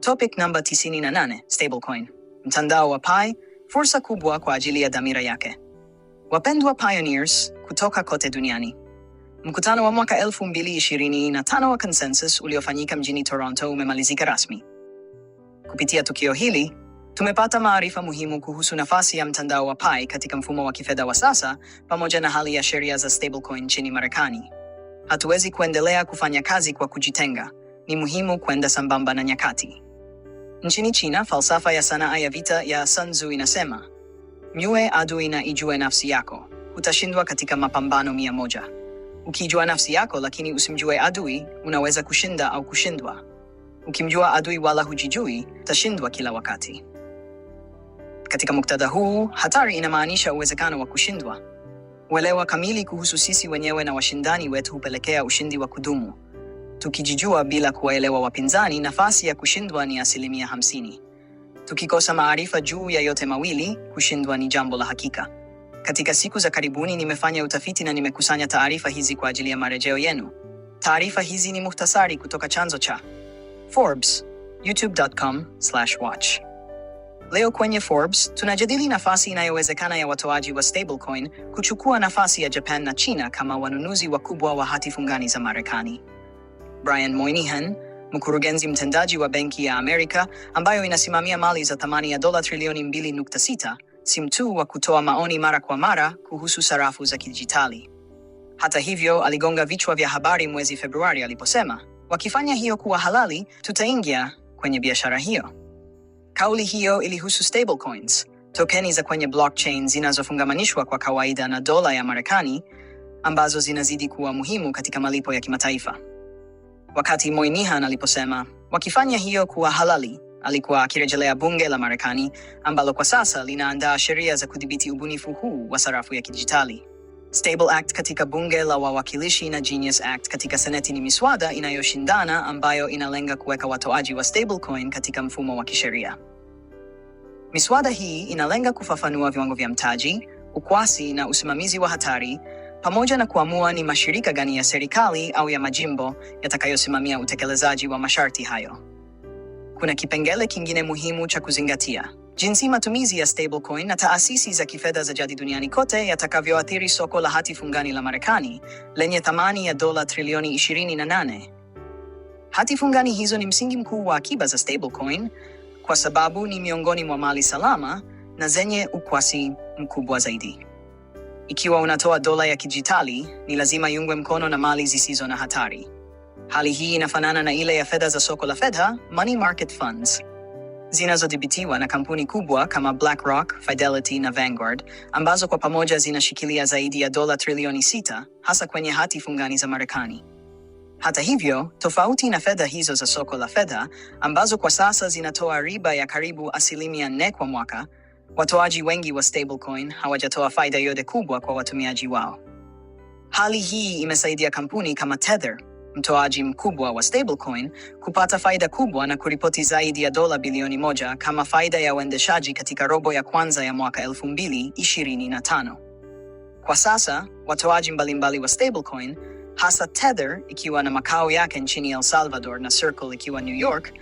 Topic namba 98, stablecoin. Mtandao wa Pi, fursa kubwa kwa ajili ya dhamira yake. Wapendwa pioneers kutoka kote duniani, mkutano wa mwaka 2025 wa Consensus uliofanyika mjini Toronto umemalizika rasmi. Kupitia tukio hili, tumepata maarifa muhimu kuhusu nafasi ya mtandao wa Pi katika mfumo wa kifedha wa sasa pamoja na hali ya sheria za stablecoin nchini Marekani. Hatuwezi kuendelea kufanya kazi kwa kujitenga. Ni muhimu kwenda sambamba na nyakati. Nchini China, falsafa ya sanaa ya vita ya Sun Tzu inasema, mjue adui na ijue nafsi yako, utashindwa katika mapambano mia moja. Ukijua nafsi yako lakini usimjue adui, unaweza kushinda au kushindwa. Ukimjua adui wala hujijui, utashindwa kila wakati. Katika muktadha huu, hatari inamaanisha uwezekano wa kushindwa. Uelewa kamili kuhusu sisi wenyewe na washindani wetu hupelekea ushindi wa kudumu. Tukijijua bila kuwaelewa wapinzani, nafasi ya kushindwa ni asilimia hamsini. Tukikosa maarifa juu ya yote mawili, kushindwa ni jambo la hakika. Katika siku za karibuni nimefanya utafiti na nimekusanya taarifa hizi kwa ajili ya marejeo yenu. Taarifa hizi ni muhtasari kutoka chanzo cha Forbes, youtube.com/watch. Leo kwenye Forbes tunajadili nafasi inayowezekana ya watoaji wa stablecoin kuchukua nafasi ya Japan na China kama wanunuzi wakubwa wa hati fungani za Marekani. Brian Moynihan, mkurugenzi mtendaji wa Benki ya Amerika ambayo inasimamia mali za thamani ya dola trilioni 2.6, si mtu wa kutoa maoni mara kwa mara kuhusu sarafu za kidijitali. Hata hivyo, aligonga vichwa vya habari mwezi Februari aliposema, wakifanya hiyo kuwa halali, tutaingia kwenye biashara hiyo. Kauli hiyo ilihusu stablecoins, tokeni za kwenye blockchain zinazofungamanishwa kwa kawaida na dola ya Marekani ambazo zinazidi kuwa muhimu katika malipo ya kimataifa wakati Moynihan aliposema wakifanya hiyo kuwa halali. Alikuwa akirejelea bunge la Marekani ambalo kwa sasa linaandaa sheria za kudhibiti ubunifu huu wa sarafu ya kidijitali. Stable Act katika bunge la wawakilishi na Genius Act katika seneti ni miswada inayoshindana ambayo inalenga kuweka watoaji wa stablecoin katika mfumo wa kisheria. Miswada hii inalenga kufafanua viwango vya mtaji, ukwasi na usimamizi wa hatari pamoja na kuamua ni mashirika gani ya serikali au ya majimbo yatakayosimamia utekelezaji wa masharti hayo. Kuna kipengele kingine muhimu cha kuzingatia: jinsi matumizi ya stablecoin na taasisi za kifedha za jadi duniani kote yatakavyoathiri soko la hati fungani la Marekani lenye thamani ya dola trilioni 28. Hati fungani hizo ni msingi mkuu wa akiba za stablecoin kwa sababu ni miongoni mwa mali salama na zenye ukwasi mkubwa zaidi. Ikiwa unatoa dola ya kijitali, ni lazima iungwe mkono na mali zisizo na hatari. Hali hii inafanana na ile ya fedha za soko la fedha, money market funds, zinazodhibitiwa na kampuni kubwa kama BlackRock, Fidelity na Vanguard, ambazo kwa pamoja zinashikilia zaidi ya dola trilioni sita, hasa kwenye hati fungani za Marekani. Hata hivyo, tofauti na fedha hizo za soko la fedha ambazo kwa sasa zinatoa riba ya karibu asilimia nne kwa mwaka, Watoaji wengi wa stablecoin hawajatoa faida yote kubwa kwa watumiaji wao. Hali hii imesaidia kampuni kama Tether, mtoaji mkubwa wa stablecoin, kupata faida kubwa na kuripoti zaidi ya dola bilioni moja kama faida ya uendeshaji katika robo ya kwanza ya mwaka 2025. Kwa sasa, watoaji mbalimbali wa stablecoin hasa Tether ikiwa na makao yake nchini El Salvador na Circle ikiwa New York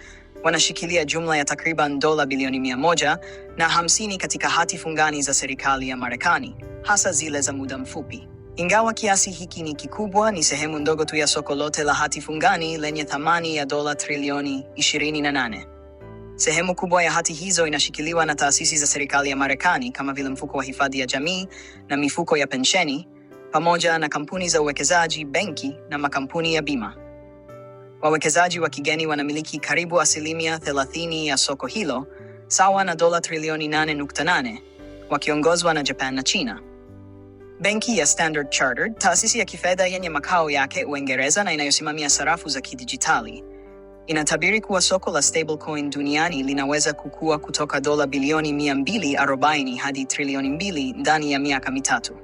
wanashikilia jumla ya takriban dola bilioni mia moja na hamsini katika hati fungani za serikali ya Marekani, hasa zile za muda mfupi. Ingawa kiasi hiki ni kikubwa, ni sehemu ndogo tu ya soko lote la hati fungani lenye thamani ya dola trilioni 28. Sehemu kubwa ya hati hizo inashikiliwa na taasisi za serikali ya Marekani kama vile mfuko wa hifadhi ya jamii na mifuko ya pensheni, pamoja na kampuni za uwekezaji, benki na makampuni ya bima. Wawekezaji wa kigeni wanamiliki karibu asilimia 30 ya soko hilo, sawa na dola trilioni 8.8, wakiongozwa na Japan na China. Benki ya Standard Chartered, taasisi ya kifedha yenye makao yake Uingereza na inayosimamia sarafu za kidijitali, inatabiri kuwa soko la stablecoin duniani linaweza kukua kutoka dola bilioni 240 hadi trilioni 2 ndani ya miaka mitatu.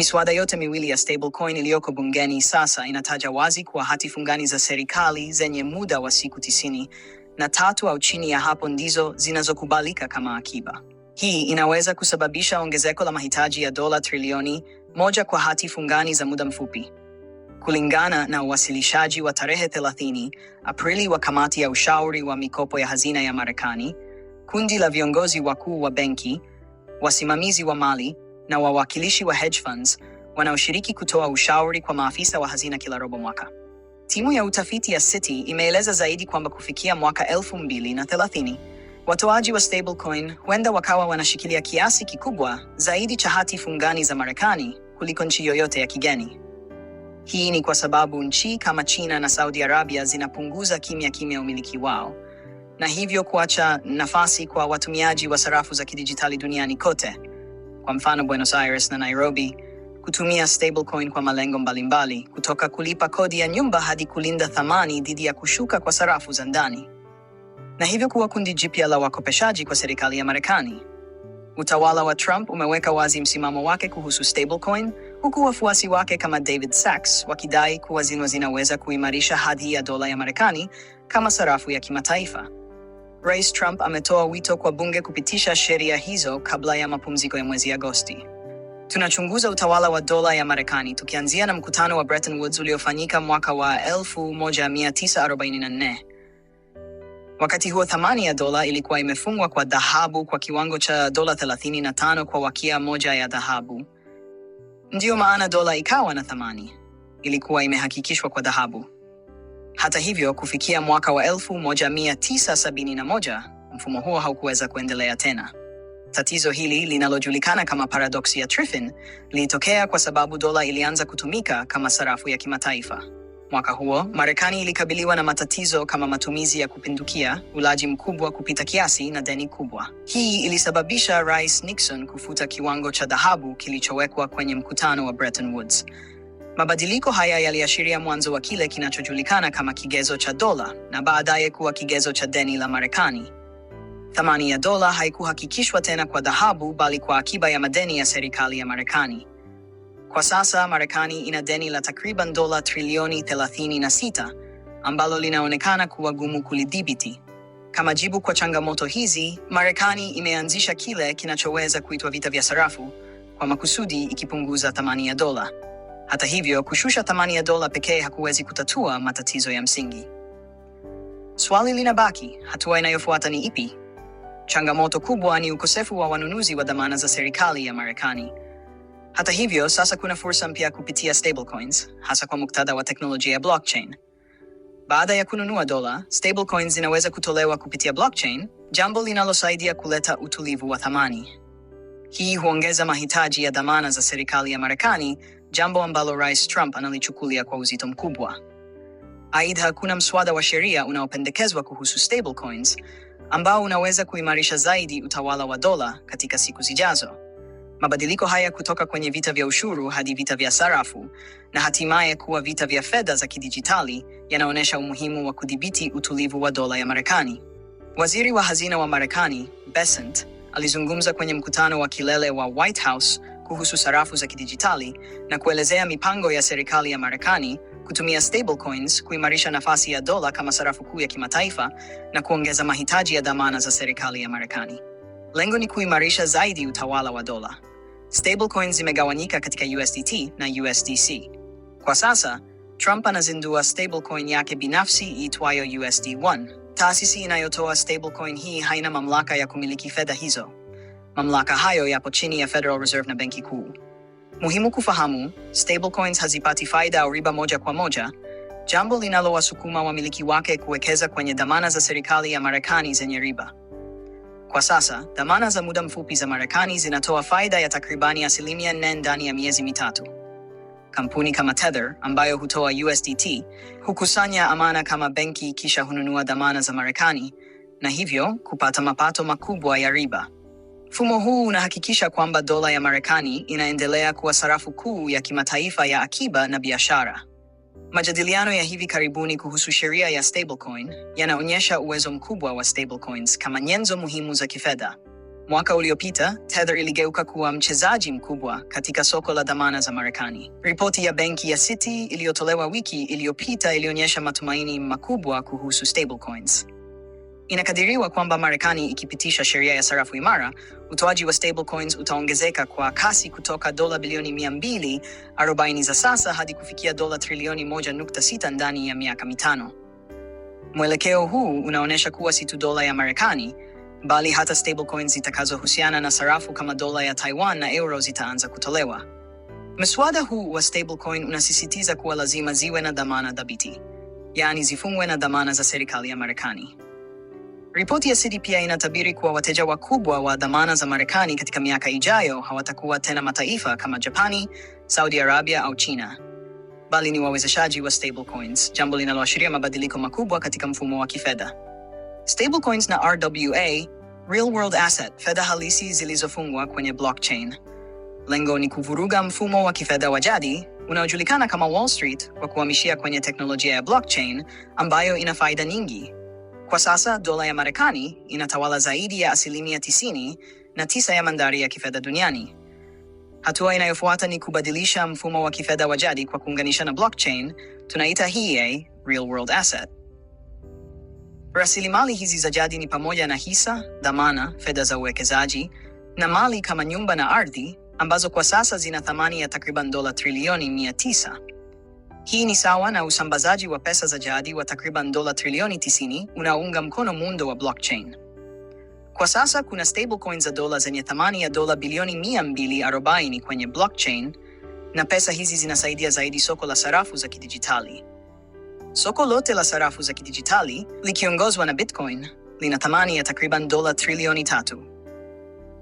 Miswada yote miwili ya stablecoin iliyoko bungeni sasa inataja wazi kuwa hati fungani za serikali zenye muda wa siku tisini na tatu au chini ya hapo ndizo zinazokubalika kama akiba. Hii inaweza kusababisha ongezeko la mahitaji ya dola trilioni moja kwa hati fungani za muda mfupi. Kulingana na uwasilishaji wa tarehe 30 Aprili wa kamati ya ushauri wa mikopo ya hazina ya Marekani, kundi la viongozi wakuu wa benki, wasimamizi wa mali na wawakilishi wa hedge funds wanaoshiriki kutoa ushauri kwa maafisa wa hazina kila robo mwaka. Timu ya utafiti ya Citi imeeleza zaidi kwamba kufikia mwaka 2030 watoaji wa stablecoin huenda wakawa wanashikilia kiasi kikubwa zaidi cha hati fungani za Marekani kuliko nchi yoyote ya kigeni. Hii ni kwa sababu nchi kama China na Saudi Arabia zinapunguza kimya kimya umiliki wao na hivyo kuacha nafasi kwa watumiaji wa sarafu za kidijitali duniani kote kwa mfano Buenos Aires na Nairobi, kutumia stablecoin kwa malengo mbalimbali, kutoka kulipa kodi ya nyumba hadi kulinda thamani dhidi ya kushuka kwa sarafu za ndani, na hivyo kuwa kundi jipya la wakopeshaji kwa serikali ya Marekani. Utawala wa Trump umeweka wazi msimamo wake kuhusu stablecoin, huku wafuasi wake kama David Sachs wakidai kuwa zino zinaweza kuimarisha hadhi ya dola ya Marekani kama sarafu ya kimataifa. Rais Trump ametoa wito kwa bunge kupitisha sheria hizo kabla ya mapumziko ya mwezi Agosti. Tunachunguza utawala wa dola ya Marekani tukianzia na mkutano wa Bretton Woods uliofanyika mwaka wa 1944. Wakati huo thamani ya dola ilikuwa imefungwa kwa dhahabu kwa kiwango cha dola 35 kwa wakia moja ya dhahabu. Ndiyo maana dola ikawa na thamani. Ilikuwa imehakikishwa kwa dhahabu. Hata hivyo, kufikia mwaka wa 1971 mfumo huo haukuweza kuendelea tena. Tatizo hili linalojulikana kama paradoksi ya Triffin lilitokea kwa sababu dola ilianza kutumika kama sarafu ya kimataifa. Mwaka huo Marekani ilikabiliwa na matatizo kama matumizi ya kupindukia, ulaji mkubwa kupita kiasi na deni kubwa. Hii ilisababisha Rais Nixon kufuta kiwango cha dhahabu kilichowekwa kwenye mkutano wa Bretton Woods. Mabadiliko haya yaliashiria mwanzo wa kile kinachojulikana kama kigezo cha dola na baadaye kuwa kigezo cha deni la Marekani. Thamani ya dola haikuhakikishwa tena kwa dhahabu bali kwa akiba ya madeni ya serikali ya Marekani. Kwa sasa Marekani ina deni la takriban dola trilioni 36 ambalo linaonekana kuwa gumu kulidhibiti. Kama jibu kwa changamoto hizi, Marekani imeanzisha kile kinachoweza kuitwa vita vya sarafu kwa makusudi, ikipunguza thamani ya dola. Hata hivyo, kushusha thamani ya dola pekee hakuwezi kutatua matatizo ya msingi. Swali linabaki, hatua inayofuata ni ipi? Changamoto kubwa ni ukosefu wa wanunuzi wa dhamana za serikali ya Marekani. Hata hivyo, sasa kuna fursa mpya kupitia stablecoins, hasa kwa muktadha wa teknolojia ya blockchain. Baada ya kununua dola, stablecoins zinaweza kutolewa kupitia blockchain, jambo linalosaidia kuleta utulivu wa thamani. Hii huongeza mahitaji ya dhamana za serikali ya Marekani jambo ambalo Rais Trump analichukulia kwa uzito mkubwa. Aidha, hakuna mswada wa sheria unaopendekezwa kuhusu stablecoins ambao unaweza kuimarisha zaidi utawala wa dola katika siku zijazo. Mabadiliko haya kutoka kwenye vita vya ushuru hadi vita vya sarafu na hatimaye kuwa vita vya fedha za kidijitali yanaonyesha umuhimu wa kudhibiti utulivu wa dola ya Marekani. Waziri wa hazina wa Marekani, Bessent, alizungumza kwenye mkutano wa kilele wa White House kuhusu sarafu za kidijitali na kuelezea mipango ya serikali ya Marekani kutumia stablecoins kuimarisha nafasi ya dola kama sarafu kuu ya kimataifa na kuongeza mahitaji ya dhamana za serikali ya Marekani. Lengo ni kuimarisha zaidi utawala wa dola. Stablecoins zimegawanyika katika USDT na USDC. Kwa sasa, Trump anazindua stablecoin yake binafsi iitwayo USD1. Taasisi inayotoa stablecoin hii haina mamlaka ya kumiliki fedha hizo. Mamlaka hayo yapo chini ya Federal Reserve na Benki Kuu. Muhimu kufahamu, stablecoins hazipati faida au riba moja kwa moja, jambo linalowasukuma wamiliki wake kuwekeza kwenye dhamana za serikali ya Marekani zenye riba. Kwa sasa, dhamana za muda mfupi za Marekani zinatoa faida ya takribani asilimia nne ndani ya miezi mitatu. Kampuni kama Tether ambayo hutoa USDT hukusanya amana kama benki kisha hununua dhamana za Marekani na hivyo kupata mapato makubwa ya riba. Mfumo huu unahakikisha kwamba dola ya Marekani inaendelea kuwa sarafu kuu ya kimataifa ya akiba na biashara. Majadiliano ya hivi karibuni kuhusu sheria ya stablecoin yanaonyesha uwezo mkubwa wa stablecoins kama nyenzo muhimu za kifedha. Mwaka uliopita, Tether iligeuka kuwa mchezaji mkubwa katika soko la dhamana za Marekani. Ripoti ya benki ya Citi iliyotolewa wiki iliyopita ilionyesha matumaini makubwa kuhusu stablecoins. Inakadiriwa kwamba Marekani ikipitisha sheria ya sarafu imara, utoaji wa stablecoins utaongezeka kwa kasi kutoka dola bilioni 240 za sasa hadi kufikia dola trilioni 1.6 ndani ya miaka mitano. Mwelekeo huu unaonyesha kuwa si tu dola ya Marekani bali hata stablecoins zitakazohusiana na sarafu kama dola ya Taiwan na euro zitaanza kutolewa. Mswada huu wa stablecoin unasisitiza kuwa lazima ziwe na dhamana dhabiti, yaani zifungwe na dhamana za serikali ya Marekani. Ripoti ya CDP inatabiri kuwa wateja wakubwa wa dhamana za Marekani katika miaka ijayo hawatakuwa tena mataifa kama Japani, Saudi Arabia au China, bali ni wawezeshaji wa stablecoins, jambo linaloashiria mabadiliko makubwa katika mfumo wa kifedha. Stablecoins na RWA, real world asset, fedha halisi zilizofungwa kwenye blockchain. Lengo ni kuvuruga mfumo wa kifedha wa jadi unaojulikana kama Wall Street kwa kuhamishia kwenye teknolojia ya blockchain ambayo ina faida nyingi kwa sasa dola ya Marekani inatawala zaidi ya asilimia na tisa ya mandhari ya kifedha duniani. Hatua inayofuata ni kubadilisha mfumo wa kifedha wa jadi kwa kuunganisha na blockchain, tunaita hii e real world asset. Rasilimali hizi za jadi ni pamoja na hisa, dhamana, fedha za uwekezaji na mali kama nyumba na ardhi ambazo kwa sasa zina thamani ya takriban dola trilioni 900. Hii ni sawa na usambazaji wa pesa za jadi wa takriban dola trilioni 90 unaounga mkono muundo wa blockchain. Kwa sasa kuna stablecoin za dola zenye thamani ya dola bilioni 240 kwenye blockchain, na pesa hizi zinasaidia zaidi soko la sarafu za kidijitali. Soko lote la sarafu za kidijitali likiongozwa na Bitcoin lina thamani ya takriban dola trilioni tatu,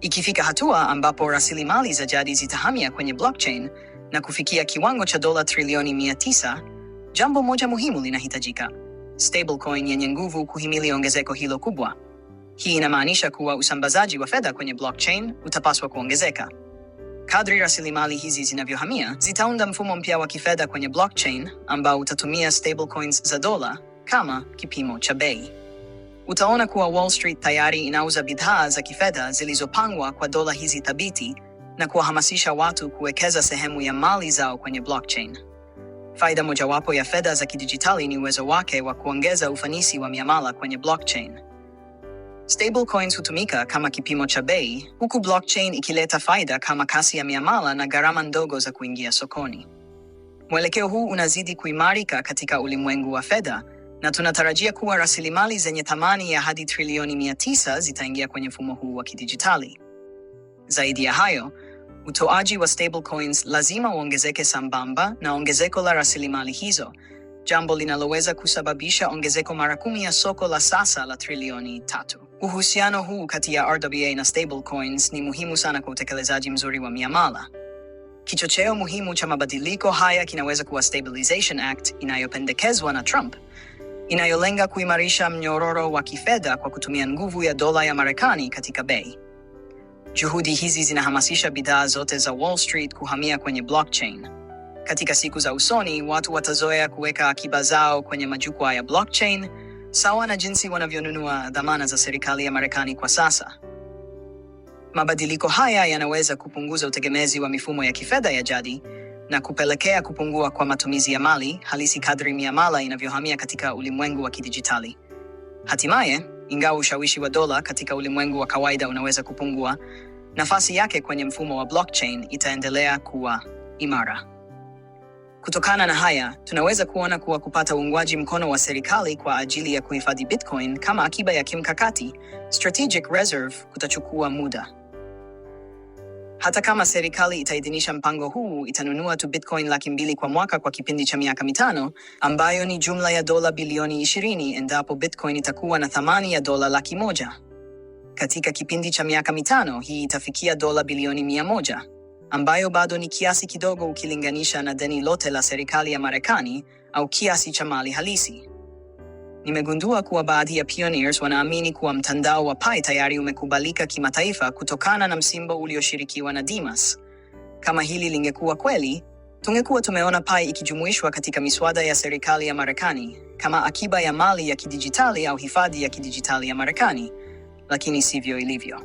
ikifika hatua ambapo rasilimali za jadi zitahamia kwenye blockchain na kufikia kiwango cha dola trilioni 900, jambo moja muhimu linahitajika: stablecoin yenye nguvu kuhimili ongezeko hilo kubwa. Hii inamaanisha kuwa usambazaji wa fedha kwenye blockchain utapaswa kuongezeka. Kadri rasilimali hizi zinavyohamia, zitaunda mfumo mpya wa kifedha kwenye blockchain ambao utatumia stablecoins za dola kama kipimo cha bei. Utaona kuwa Wall Street tayari inauza bidhaa za kifedha zilizopangwa kwa dola hizi thabiti na kuwahamasisha watu kuwekeza sehemu ya mali zao kwenye blockchain. Faida mojawapo ya fedha za kidijitali ni uwezo wake wa kuongeza ufanisi wa miamala kwenye blockchain. Stablecoins hutumika kama kipimo cha bei, huku blockchain ikileta faida kama kasi ya miamala na gharama ndogo za kuingia sokoni. Mwelekeo huu unazidi kuimarika katika ulimwengu wa fedha na tunatarajia kuwa rasilimali zenye thamani ya hadi trilioni 900 zitaingia kwenye mfumo huu wa kidijitali. Zaidi ya hayo, utoaji wa stablecoins lazima uongezeke sambamba na ongezeko la rasilimali hizo, jambo linaloweza kusababisha ongezeko mara kumi ya soko la sasa la trilioni tatu. Uhusiano huu kati ya RWA na stablecoins ni muhimu sana kwa utekelezaji mzuri wa miamala. Kichocheo muhimu cha mabadiliko haya kinaweza kuwa Stabilization Act inayopendekezwa na Trump, inayolenga kuimarisha mnyororo wa kifedha kwa kutumia nguvu ya dola ya Marekani katika bei. Juhudi hizi zinahamasisha bidhaa zote za Wall Street kuhamia kwenye blockchain. Katika siku za usoni, watu watazoea kuweka akiba zao kwenye majukwaa ya blockchain, sawa na jinsi wanavyonunua dhamana za serikali ya Marekani kwa sasa. Mabadiliko haya yanaweza kupunguza utegemezi wa mifumo ya kifedha ya jadi na kupelekea kupungua kwa matumizi ya mali halisi kadri miamala inavyohamia katika ulimwengu wa kidijitali. Hatimaye, ingawa ushawishi wa dola katika ulimwengu wa kawaida unaweza kupungua, nafasi yake kwenye mfumo wa blockchain itaendelea kuwa imara. Kutokana na haya, tunaweza kuona kuwa kupata uungwaji mkono wa serikali kwa ajili ya kuhifadhi Bitcoin kama akiba ya kimkakati, strategic reserve, kutachukua muda. Hata kama serikali itaidhinisha mpango huu, itanunua tu Bitcoin laki mbili kwa mwaka kwa kipindi cha miaka mitano, ambayo ni jumla ya dola bilioni 20 endapo Bitcoin itakuwa na thamani ya dola laki moja. Katika kipindi cha miaka mitano, hii itafikia dola bilioni mia moja ambayo bado ni kiasi kidogo ukilinganisha na deni lote la serikali ya Marekani au kiasi cha mali halisi. Nimegundua kuwa baadhi ya pioneers wanaamini kuwa mtandao wa Pi tayari umekubalika kimataifa kutokana na msimbo ulioshirikiwa na Dimas. Kama hili lingekuwa kweli, tungekuwa tumeona Pi ikijumuishwa katika miswada ya serikali ya Marekani kama akiba ya mali ya kidijitali au hifadhi ya kidijitali ya Marekani, lakini sivyo ilivyo.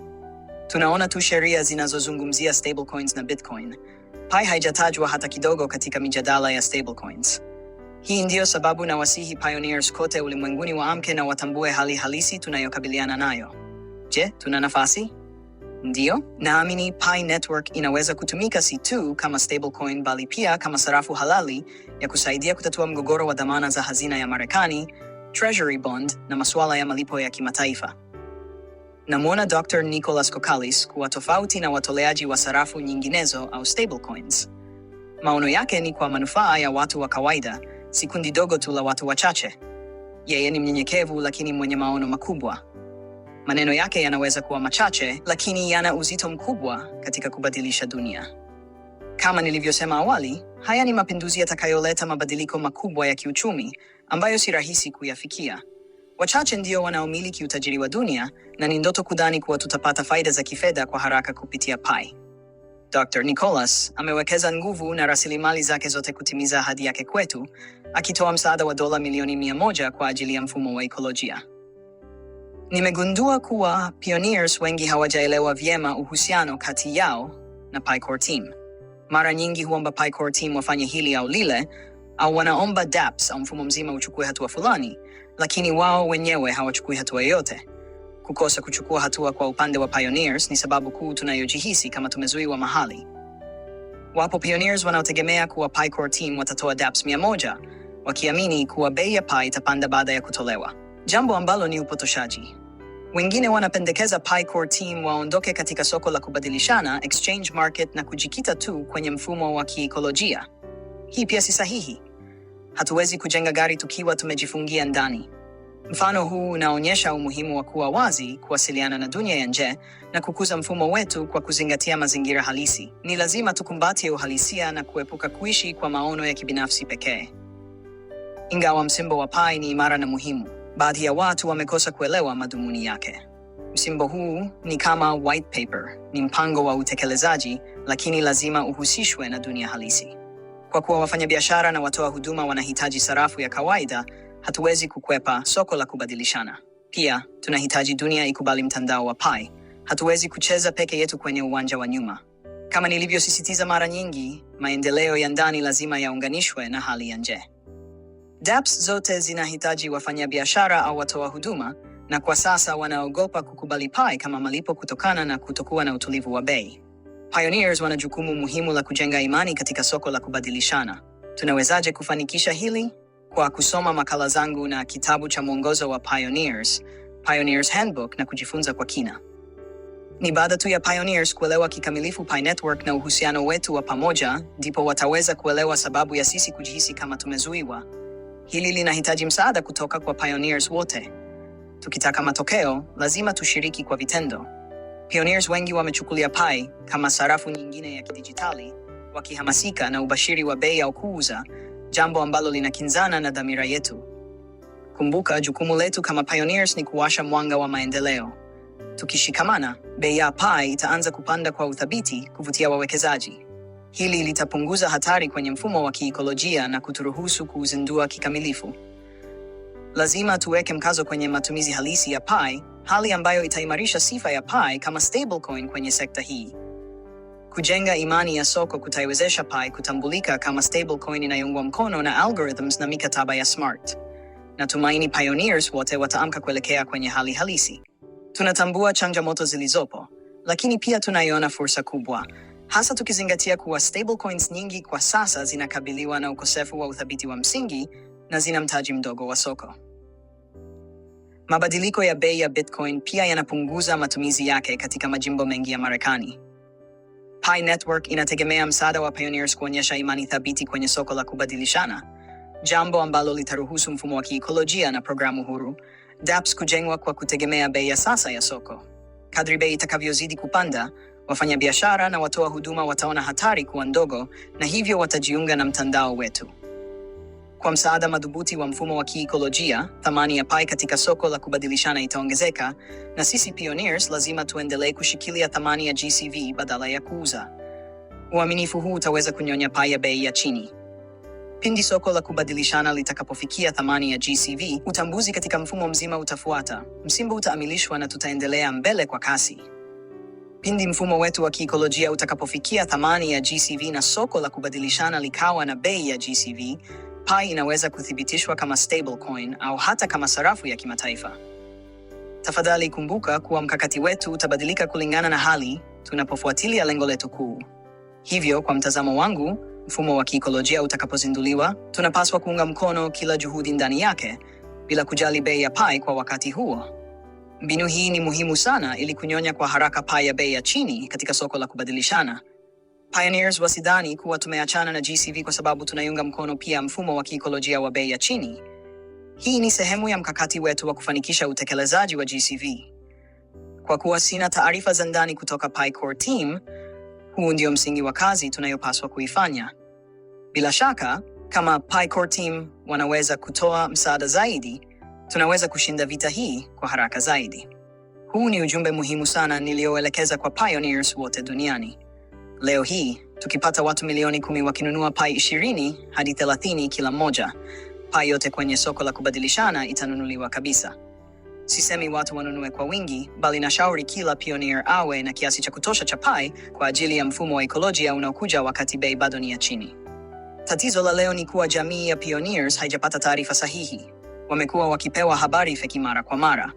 Tunaona tu sheria zinazozungumzia stablecoins na Bitcoin. Pi haijatajwa hata kidogo katika mijadala ya stablecoins. Hii ndiyo sababu na wasihi pioneers kote ulimwenguni waamke na watambue hali halisi tunayokabiliana nayo. Je, tuna nafasi? Ndiyo, naamini Pi Network inaweza kutumika si tu kama stablecoin bali pia kama sarafu halali ya kusaidia kutatua mgogoro wa dhamana za hazina ya Marekani, treasury bond na masuala ya malipo ya kimataifa. Namwona Dr. Nicholas Kokalis kuwa tofauti na watoleaji wa sarafu nyinginezo au stablecoins. Maono yake ni kwa manufaa ya watu wa kawaida si kundi dogo tu la watu wachache. Yeye ni mnyenyekevu lakini mwenye maono makubwa. Maneno yake yanaweza kuwa machache, lakini yana uzito mkubwa katika kubadilisha dunia. Kama nilivyosema awali, haya ni mapinduzi yatakayoleta mabadiliko makubwa ya kiuchumi ambayo si rahisi kuyafikia. Wachache ndio wanaomiliki utajiri wa dunia, na ni ndoto kudhani kuwa tutapata faida za kifedha kwa haraka kupitia pai. Dr. Nicholas amewekeza nguvu na rasilimali zake zote kutimiza ahadi yake kwetu, akitoa msaada wa dola milioni mia moja kwa ajili ya mfumo wa ekolojia. Nimegundua kuwa pioneers wengi hawajaelewa vyema uhusiano kati yao na PyCore team. Mara nyingi huomba PyCore team wafanye hili au lile, au wanaomba dApps au mfumo mzima uchukue hatua fulani, lakini wao wenyewe hawachukui hatua yoyote. Kukosa kuchukua hatua kwa upande wa pioneers ni sababu kuu tunayojihisi kama tumezuiwa mahali. Wapo pioneers wanaotegemea kuwa Pi Core Team watatoa dApps 100 wakiamini kuwa bei ya Pi itapanda baada ya kutolewa, jambo ambalo ni upotoshaji. Wengine wanapendekeza Pi Core Team waondoke katika soko la kubadilishana exchange market na kujikita tu kwenye mfumo wa kiikolojia. Hii pia si sahihi. Hatuwezi kujenga gari tukiwa tumejifungia ndani. Mfano huu unaonyesha umuhimu wa kuwa wazi, kuwasiliana na dunia ya nje na kukuza mfumo wetu kwa kuzingatia mazingira halisi. Ni lazima tukumbatie uhalisia na kuepuka kuishi kwa maono ya kibinafsi pekee. Ingawa msimbo wa pai ni imara na muhimu, baadhi ya watu wamekosa kuelewa madhumuni yake. Msimbo huu ni kama white paper, ni mpango wa utekelezaji, lakini lazima uhusishwe na dunia halisi. Kwa kuwa wafanyabiashara na watoa huduma wanahitaji sarafu ya kawaida hatuwezi kukwepa soko la kubadilishana. Pia tunahitaji dunia ikubali mtandao wa Pi. Hatuwezi kucheza peke yetu kwenye uwanja wa nyuma. Kama nilivyosisitiza mara nyingi, maendeleo ya ndani lazima yaunganishwe na hali ya nje. Dapps zote zinahitaji wafanyabiashara au watoa huduma, na kwa sasa wanaogopa kukubali Pi kama malipo kutokana na kutokuwa na utulivu wa bei. Pioneers wana jukumu muhimu la kujenga imani katika soko la kubadilishana. Tunawezaje kufanikisha hili? kwa kusoma makala zangu na kitabu cha mwongozo wa Pioneers, Pioneers Handbook na kujifunza kwa kina. Ni baada tu ya Pioneers kuelewa kikamilifu Pi Network na uhusiano wetu wa pamoja, ndipo wataweza kuelewa sababu ya sisi kujihisi kama tumezuiwa. Hili linahitaji msaada kutoka kwa Pioneers wote. Tukitaka matokeo, lazima tushiriki kwa vitendo. Pioneers wengi wamechukulia Pi kama sarafu nyingine ya kidijitali, wakihamasika na ubashiri wa bei au kuuza jambo ambalo linakinzana na dhamira yetu. Kumbuka, jukumu letu kama pioneers ni kuwasha mwanga wa maendeleo. Tukishikamana, bei ya pai itaanza kupanda kwa uthabiti, kuvutia wawekezaji. Hili litapunguza hatari kwenye mfumo wa kiikolojia na kuturuhusu kuuzindua kikamilifu. Lazima tuweke mkazo kwenye matumizi halisi ya pai, hali ambayo itaimarisha sifa ya pai kama stablecoin kwenye sekta hii. Kujenga imani ya soko kutaiwezesha Pi kutambulika kama stablecoin inayoungwa mkono na algorithms na mikataba ya smart. Natumaini pioneers wote wataamka kuelekea kwenye hali halisi. Tunatambua changamoto zilizopo, lakini pia tunaiona fursa kubwa, hasa tukizingatia kuwa stablecoins nyingi kwa sasa zinakabiliwa na ukosefu wa uthabiti wa msingi na zina mtaji mdogo wa soko. Mabadiliko ya bei ya Bitcoin pia yanapunguza matumizi yake katika majimbo mengi ya Marekani. Pi Network inategemea msaada wa Pioneers kuonyesha imani thabiti kwenye soko la kubadilishana, jambo ambalo litaruhusu mfumo wa kiikolojia na programu huru dApps kujengwa kwa kutegemea bei ya sasa ya soko. Kadri bei itakavyozidi kupanda, wafanyabiashara na watoa huduma wataona hatari kuwa ndogo na hivyo watajiunga na mtandao wetu. Kwa msaada madhubuti wa mfumo wa kiikolojia, thamani ya pai katika soko la kubadilishana itaongezeka, na sisi pioneers lazima tuendelee kushikilia thamani ya GCV badala ya kuuza. Uaminifu huu utaweza kunyonya pai ya bei ya chini. Pindi soko la kubadilishana litakapofikia thamani ya GCV, utambuzi katika mfumo mzima utafuata. Msimbo utaamilishwa na tutaendelea mbele kwa kasi. Pindi mfumo wetu wa kiikolojia utakapofikia thamani ya GCV na soko la kubadilishana likawa na bei ya GCV, Pi inaweza kuthibitishwa kama stablecoin au hata kama sarafu ya kimataifa. Tafadhali kumbuka kuwa mkakati wetu utabadilika kulingana na hali tunapofuatilia lengo letu kuu. Hivyo, kwa mtazamo wangu, mfumo wa kiikolojia utakapozinduliwa, tunapaswa kuunga mkono kila juhudi ndani yake bila kujali bei ya Pi kwa wakati huo. Mbinu hii ni muhimu sana ili kunyonya kwa haraka Pi ya bei ya chini katika soko la kubadilishana. Pioneers wasidhani kuwa tumeachana na GCV kwa sababu tunaiunga mkono pia mfumo wa kiikolojia wa bei ya chini. Hii ni sehemu ya mkakati wetu wa kufanikisha utekelezaji wa GCV. Kwa kuwa sina taarifa za ndani kutoka PyCore team, huu ndio msingi wa kazi tunayopaswa kuifanya. Bila shaka, kama PyCore team wanaweza kutoa msaada zaidi, tunaweza kushinda vita hii kwa haraka zaidi. Huu ni ujumbe muhimu sana nilioelekeza kwa pioneers wote duniani leo hii tukipata watu milioni kumi wakinunua pai ishirini hadi thelathini kila mmoja, pai yote kwenye soko la kubadilishana itanunuliwa kabisa. Sisemi watu wanunue kwa wingi, bali nashauri kila pioneer awe na kiasi cha kutosha cha pai kwa ajili ya mfumo wa ekolojia unaokuja wakati bei bado ni ya chini. Tatizo la leo ni kuwa jamii ya pioneers haijapata taarifa sahihi. Wamekuwa wakipewa habari feki mara kwa mara.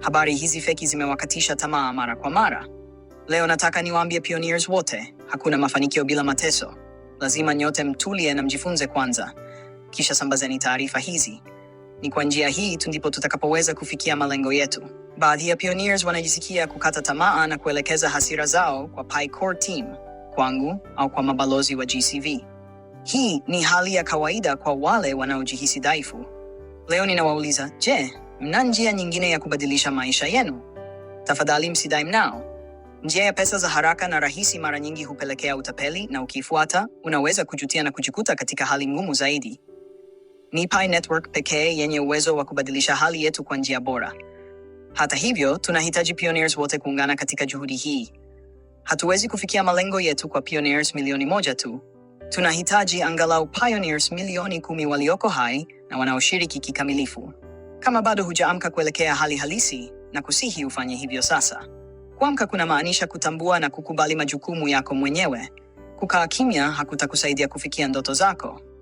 Habari hizi feki zimewakatisha tamaa mara kwa mara. Leo nataka niwaambie pioneers wote, Hakuna mafanikio bila mateso. Lazima nyote mtulie na mjifunze kwanza, kisha sambazeni taarifa hizi. Ni kwa njia hii tu ndipo tutakapoweza kufikia malengo yetu. Baadhi ya pioneers wanajisikia kukata tamaa na kuelekeza hasira zao kwa Pi Core Team, kwangu au kwa mabalozi wa GCV. Hii ni hali ya kawaida kwa wale wanaojihisi dhaifu. Leo ninawauliza, je, mna njia nyingine ya kubadilisha maisha yenu? Tafadhali msidai mnao. Njia ya pesa za haraka na rahisi mara nyingi hupelekea utapeli, na ukifuata unaweza kujutia na kujikuta katika hali ngumu zaidi. Ni Pi Network pekee yenye uwezo wa kubadilisha hali yetu kwa njia bora. Hata hivyo, tunahitaji pioneers wote kuungana katika juhudi hii. Hatuwezi kufikia malengo yetu kwa pioneers milioni moja tu. Tunahitaji angalau pioneers milioni kumi walioko hai na wanaoshiriki kikamilifu. Kama bado hujaamka kuelekea hali halisi, na kusihi ufanye hivyo sasa. Kuamka kunamaanisha kutambua na kukubali majukumu yako mwenyewe. Kukaa kimya hakutakusaidia kufikia ndoto zako.